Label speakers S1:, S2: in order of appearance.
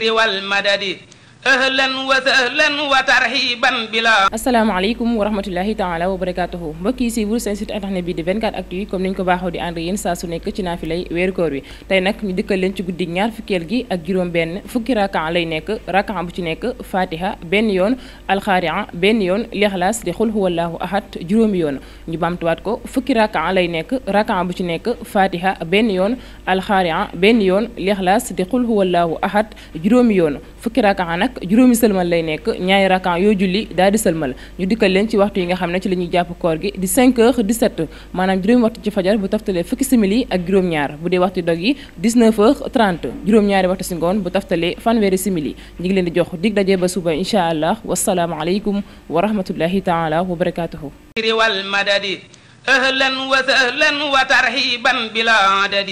S1: wal madadi ahlan wa wa tarhiban bila
S2: asalaamaaleykum wa rahmatullahi taala wa barakaatuhu mbokk yi si wur seen site internet bi di 24 actu yi comme ni ñu ko baaxoo di ànd saa su nekk ci naafilay weeru koor wi tey nag ñu dëkkal leen ci guddi ñaar fukkeel gi ak juróom benn fukki rakan lay nekk rakan bu ci nekk fatiha benn yoon alxaaria benn yoon lixlaas di xul huwallahu ahad juróomi yoon ñu bamtuwaat ko fukki rakan lay nekk rakan bu ci nekk fatiha benn yoon alxaaria benn yoon lixlaas di xul huwallahu ahad juróomi yoon fukki rakaa nag juróomi sëlmal lay nekk ñaari rakaa yoo julli daal di sëlmal ñu dikkal leen ci waxtu yi nga xam ne ci la jàpp koor gi di 5 maanaam juróomi waxtu ci fajar bu taftalee fukki simili ak juróom-ñaar bu dee waxtu dog yi 19 heures juróom-ñaari waxtu si ngoon bu taftalee fanweeri simili ñu leen di jox dig daje ba suba incha allah wasalaamu aleykum wa rahmatullahi taala wa
S1: madadi ahlan wa sahlan wa
S3: tarhiban